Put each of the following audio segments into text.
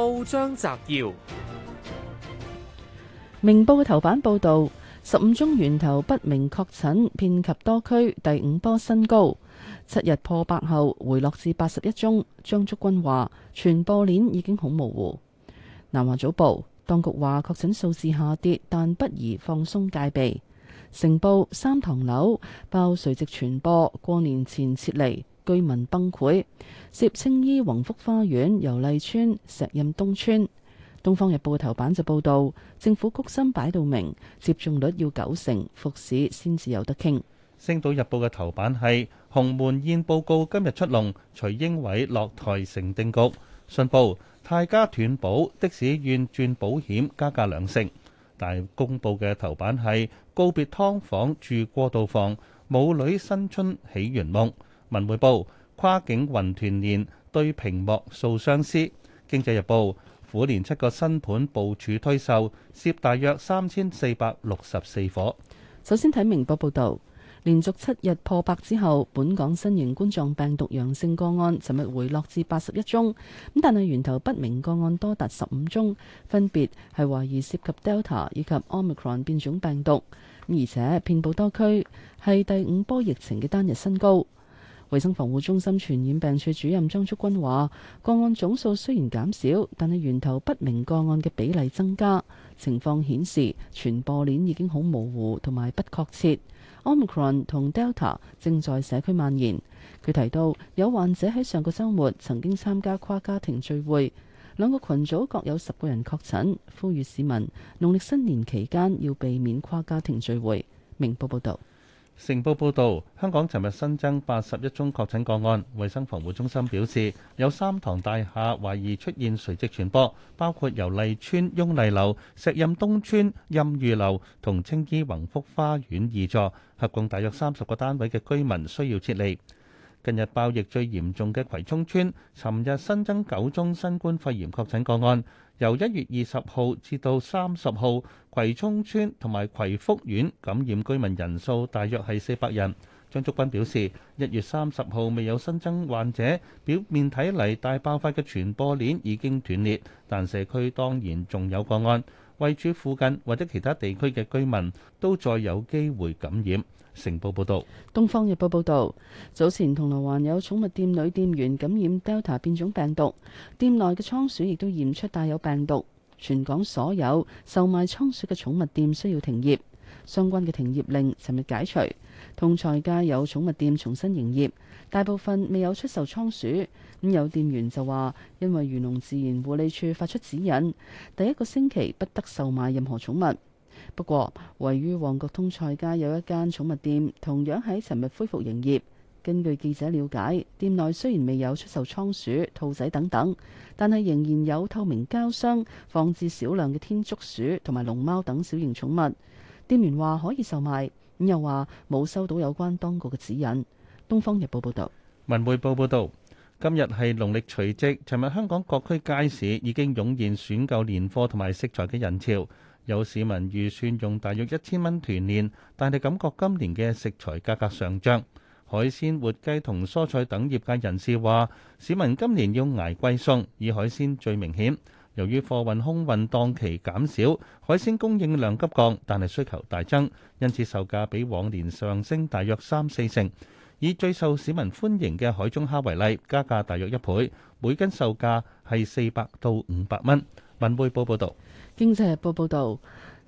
報章摘要：明報嘅頭版報道，十五宗源頭不明確診遍及多區，第五波新高，七日破百後回落至八十一宗。張竹君話，傳播鏈已經好模糊。南華早報，當局話確診數字下跌，但不宜放鬆戒備。成報，三堂樓爆垂直傳播，過年前撤離。居民崩潰，涉青衣宏福花園、油麗村、石蔭東村。《東方日報》嘅頭版就報道，政府谷心擺到明，接種率要九成，復市先至有得傾。《星島日報》嘅頭版係《洪門宴報告》，今日出籠，徐英偉落台成定局。信報泰家斷保，的士願轉保險加價兩成。大公報嘅頭版係告別劏房住過渡房，母女新春喜圓夢。文匯報跨境雲團年對屏幕訴相思。經濟日報虎年七個新盤部署推售，涉大約三千四百六十四伙。首先睇明報報道，連續七日破百之後，本港新型冠狀病毒陽性個案，尋日回落至八十一宗。咁但係源頭不明個案多達十五宗，分別係懷疑涉及 Delta 以及 Omicron 變種病毒，而且遍佈多區，係第五波疫情嘅單日新高。衛生防護中心傳染病處主任張竹君話，個案總數雖然減少，但係源頭不明個案嘅比例增加，情況顯示傳播鏈已經好模糊同埋不確切。Omicron 同 Delta 正在社區蔓延。佢提到有患者喺上個周末曾經參加跨家庭聚會，兩個群組各有十個人確診。呼籲市民農曆新年期間要避免跨家庭聚會。明報報道。成報報導，香港尋日新增八十一宗確診個案。衛生防護中心表示，有三幢大廈懷疑出現垂直傳播，包括由麗村翁麗樓、石蔭東村蔭裕樓同青衣宏福花園二座，合共大約三十個單位嘅居民需要撤離。近日爆疫最嚴重嘅葵涌村，尋日新增九宗新冠肺炎確診個案。1 由一月二十號至到三十號，葵涌村同埋葵福苑感染居民人數大約係四百人。張竹君表示，一月三十號未有新增患者，表面睇嚟大爆發嘅傳播鏈已經斷裂，但社區當然仲有個案。位於附近或者其他地區嘅居民都再有機會感染。成報報道，東方日報報道，早前銅鑼灣有寵物店女店員感染 Delta 變種病毒，店內嘅倉鼠亦都驗出帶有病毒，全港所有售賣倉鼠嘅寵物店需要停業。相關嘅停業令，尋日解除。通菜街有寵物店重新營業，大部分未有出售倉鼠。咁有店員就話，因為漁農自然護理處發出指引，第一個星期不得售賣任何寵物。不過，位於旺角通菜街有一間寵物店，同樣喺尋日恢復營業。根據記者了解，店內雖然未有出售倉鼠、兔仔等等，但係仍然有透明膠箱放置少量嘅天竺鼠同埋龍貓等小型寵物。店員話可以售賣，咁又話冇收到有關當局嘅指引。《東方日報》報道。《文匯報》報道，今日係農曆除夕，尋日香港各區街市已經湧現選購年貨同埋食材嘅人潮，有市民預算用大約一千蚊團年，但係感覺今年嘅食材價格上漲。海鮮、活雞同蔬菜等業界人士話，市民今年要捱貴餸，以海鮮最明顯。由於貨運空運檔期減少，海鮮供應量急降，但係需求大增，因此售價比往年上升大約三四成。以最受市民歡迎嘅海中蝦為例，加價大約一倍，每斤售價係四百到五百蚊。文匯報報導，經濟日報報導。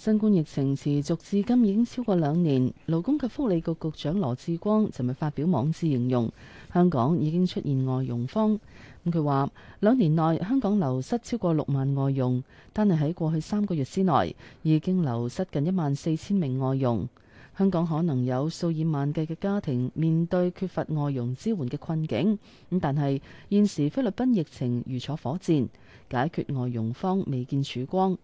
新冠疫情持續至今已經超過兩年，勞工及福利局局長羅志光尋日發表網誌形容，香港已經出現外傭荒，咁佢話兩年內香港流失超過六萬外傭，但係喺過去三個月之內已經流失近一萬四千名外傭。香港可能有數以萬計嘅家庭面對缺乏外傭支援嘅困境。咁但係現時菲律賓疫情如坐火箭，解決外傭荒未見曙光。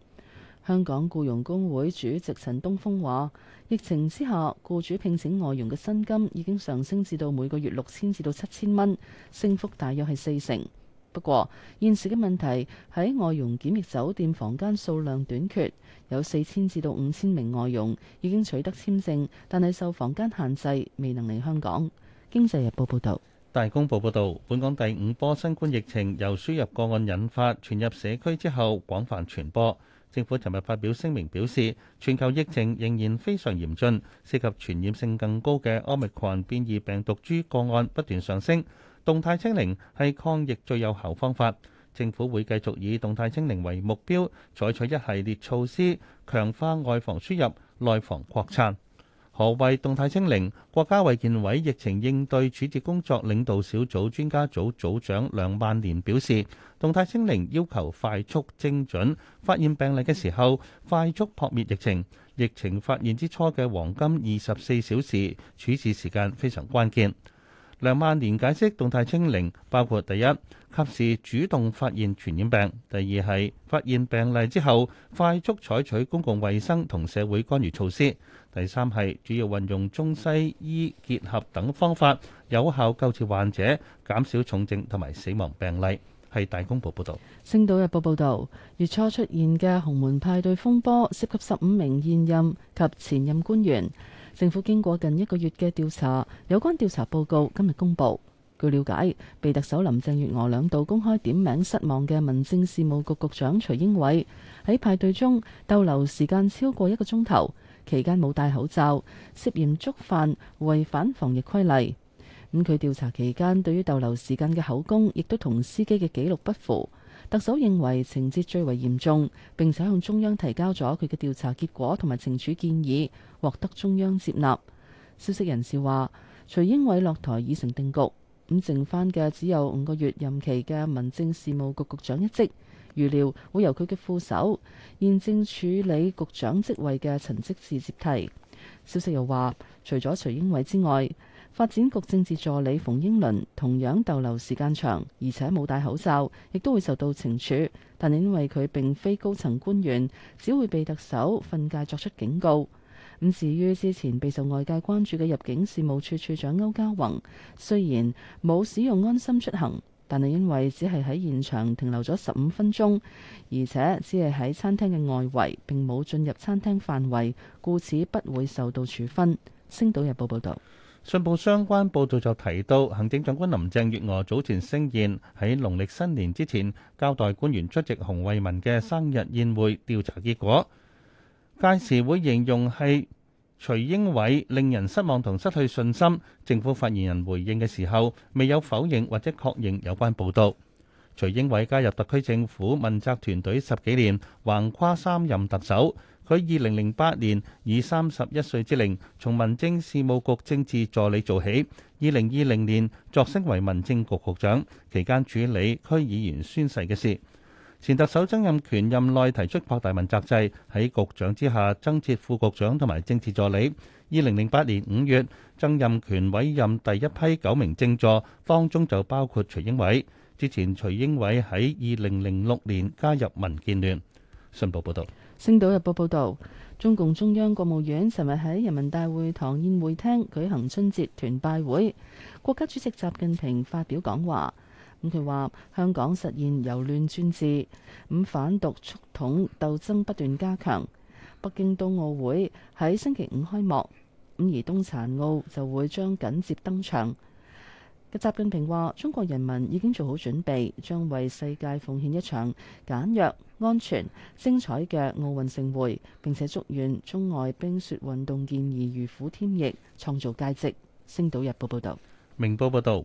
香港僱傭工會主席陳東峰話，疫情之下，僱主聘請外傭嘅薪金已經上升至到每個月六千至到七千蚊，升幅大約係四成。不過，現時嘅問題喺外傭檢疫酒店房間數量短缺，有四千至到五千名外傭已經取得簽證，但係受房間限制，未能嚟香港。經濟日報報道，大公報報道，本港第五波新冠疫情由輸入個案引發，傳入社區之後廣泛傳播。政府尋日發表聲明表示，全球疫情仍然非常嚴峻，涉及傳染性更高嘅奧密克戎變異病毒株個案不斷上升，動態清零係抗疫最有效方法。政府會繼續以動態清零為目標，採取一系列措施，強化外防輸入、內防擴散。何謂動態清零？國家衛健委疫情應對處置工作領導小組專家組組長梁萬年表示，動態清零要求快速精準，發現病例嘅時候快速撲滅疫情。疫情發現之初嘅黃金二十四小時處置時間非常關鍵。梁萬年解釋，動態清零包括第一，及時主動發現傳染病；第二係發現病例之後快速採取公共衛生同社會干預措施。第三係主要運用中西醫結合等方法，有效救治患者，減少重症同埋死亡病例。係大公報報導。《星島日報》報道，月初出現嘅紅門派對風波涉及十五名現任及前任官員。政府經過近一個月嘅調查，有關調查報告今日公布。據了解，被特首林鄭月娥兩度公開點名失望嘅民政事務局局長徐英偉喺派對中逗留時間超過一個鐘頭。期間冇戴口罩，涉嫌觸犯違反防疫規例。咁佢調查期間對於逗留時間嘅口供，亦都同司機嘅記錄不符。特首認為情節最為嚴重，並且向中央提交咗佢嘅調查結果同埋懲處建議，獲得中央接納。消息人士話，徐英偉落台已成定局，咁、嗯、剩翻嘅只有五個月任期嘅民政事務局局長一職。預料會由佢嘅副手、現正處理局長職位嘅陳積志接替。消息又話，除咗徐英偉之外，發展局政治助理馮英倫同樣逗留時間長，而且冇戴口罩，亦都會受到懲處。但因為佢並非高層官員，只會被特首訓誡作出警告。咁至於之前備受外界關注嘅入境事務處處長歐家宏，雖然冇使用安心出行，但係因為只係喺現場停留咗十五分鐘，而且只係喺餐廳嘅外圍，並冇進入餐廳範圍，故此不會受到處分。星島日報報道，信報相關報導就提到，行政長官林鄭月娥早前聲言喺農曆新年之前交代官員出席洪偉民嘅生日宴會調查結果。屆時會形容係徐英偉令人失望同失去信心。政府發言人回應嘅時候，未有否認或者確認有關報導。徐英偉加入特區政府問責團隊十幾年，橫跨三任特首。佢二零零八年以三十一歲之齡，從民政事務局政治助理做起，二零二零年擢升為民政局局長，期間處理區議員宣誓嘅事。前特首曾蔭權任內提出擴大問責制，喺局長之下增設副局長同埋政治助理。二零零八年五月，曾蔭權委任第一批九名政助，當中就包括徐英偉。之前，徐英偉喺二零零六年加入民建聯。信報報道，《星島日報》報道，中共中央國務院昨日喺人民大會堂宴會廳舉行春節團拜會，國家主席習近平發表講話。佢話：香港實現由亂轉治，咁、嗯、反獨促統鬥爭不斷加強。北京冬奧會喺星期五開幕，咁、嗯、而冬殘奧就會將緊接登場。習近平話：中國人民已經做好準備，將為世界奉獻一場簡約、安全、精彩嘅奧運盛會，並且祝願中外冰雪運動健兒如虎添翼，創造佳績。星島日報報道。明報報導。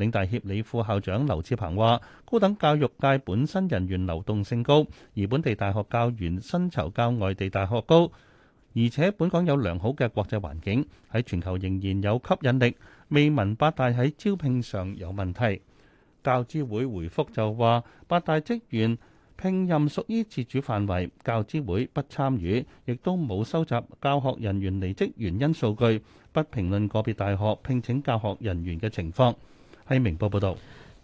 領大協理副校長劉志鵬話，高等教育界本身人員流動性高，而本地大學教員薪酬較外地大學高，而且本港有良好嘅國際環境，喺全球仍然有吸引力。未聞八大喺招聘上有問題。教資會回覆就話，八大職員聘任屬於自主範圍，教資會不參與，亦都冇收集教學人員離職原因數據，不評論個別大學聘請教學人員嘅情況。《明報》報道，《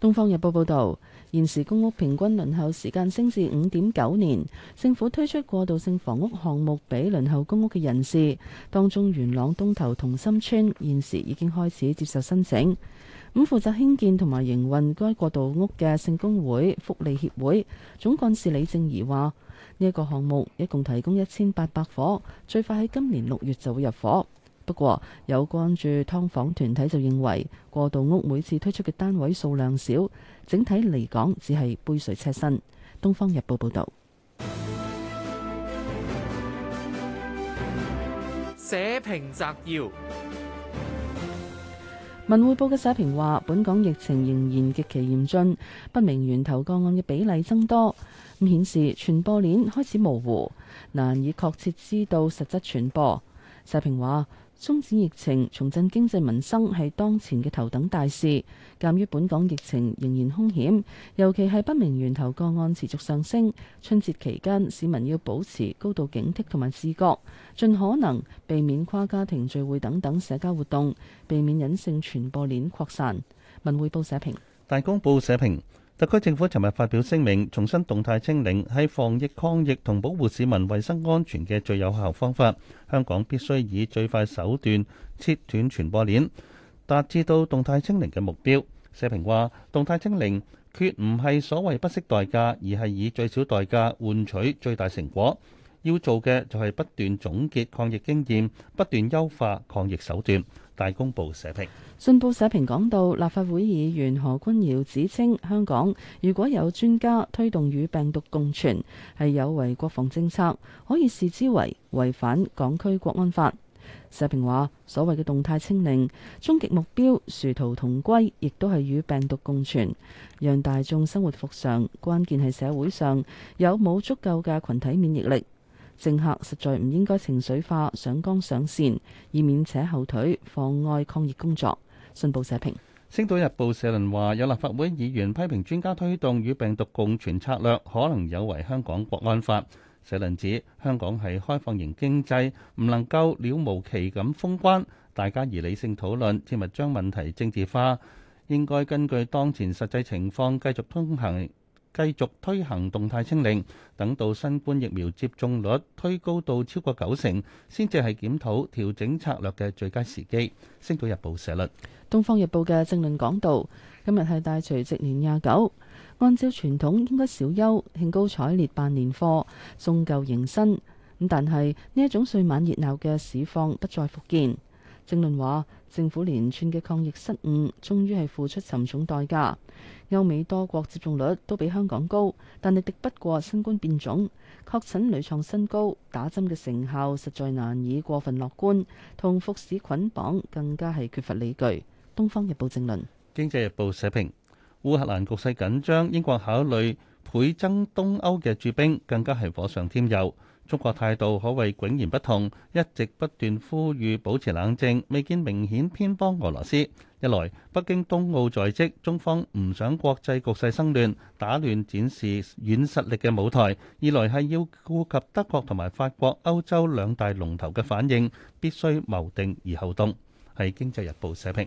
東方日報，報》日報，報道，現時公屋平均輪候時間升至五點九年。政府推出過渡性房屋項目俾輪候公屋嘅人士，當中元朗東頭同心村現時已經開始接受申請。咁負責興建同埋營運該過渡屋嘅聖公會福利協會總幹事李正儀話：呢、這、一個項目一共提供一千八百伙，最快喺今年六月就會入伙。不過，有關注劏房團體就認為，過渡屋每次推出嘅單位數量少，整體嚟講只係杯水車薪。東方日報報道，社評摘要。文匯報嘅社評話，本港疫情仍然極其嚴峻，不明源頭個案嘅比例增多，咁顯示傳播鏈開始模糊，難以確切知道實質傳播。社評話。終止疫情、重振經濟民生係當前嘅頭等大事。鑑於本港疫情仍然凶險，尤其係不明源頭個案持續上升，春節期間市民要保持高度警惕同埋自覺，盡可能避免跨家庭聚會等等社交活動，避免隱性傳播鏈擴散。文匯報社評、大公報社評。特區政府尋日發表聲明，重新動態清零係防疫抗疫同保護市民衞生安全嘅最有效方法。香港必須以最快手段切斷傳播鏈，達至到動態清零嘅目標。社評話：動態清零決唔係所謂不惜代價，而係以最小代價換取最大成果。要做嘅就係不斷總結抗疫經驗，不斷優化抗疫手段。大公報社評，信報社評講到立法會議員何君堯指稱，香港如果有專家推動與病毒共存，係有違國防政策，可以視之為違反港區國安法。社評話，所謂嘅動態清零，終極目標殊途同歸，亦都係與病毒共存，讓大眾生活復常。關鍵係社會上有冇足夠嘅群體免疫力。政客實在唔應該情緒化上綱上線，以免扯後腿，妨礙抗疫工作。信報社評，《星島日報》社論話，有立法會議員批評專家推動與病毒共存策略，可能有違香港《國安法》。社論指，香港係開放型經濟，唔能夠了無期咁封關，大家宜理性討論，切勿將問題政治化，應該根據當前實際情況繼續通行。繼續推行動態清零，等到新冠疫苗接種率推高到超過九成，先至係檢討調整策略嘅最佳時機。星島日報社論，東方日報嘅政論講道：今日係大除夕年廿九，按照傳統應該小休，興高采烈辦年貨，送舊迎新。咁但係呢一種歲晚熱鬧嘅市況不再復見。政論話，政府連串嘅抗疫失誤，終於係付出沉重代價。歐美多國接種率都比香港高，但係敵不過新冠變種，確診屢創新高，打針嘅成效實在難以過分樂觀，同福祉捆綁更加係缺乏理據。東方日報政論，經濟日報社評：烏克蘭局勢緊張，英國考慮倍增東歐嘅駐兵，更加係火上添油。中國態度可謂迥然不同，一直不斷呼籲保持冷靜，未見明顯偏幫俄羅斯。一來，北京冬奧在即，中方唔想國際局勢生亂，打亂展示軟實力嘅舞台；二來係要顧及德國同埋法國歐洲兩大龍頭嘅反應，必須謀定而後動。係《經濟日報》社評。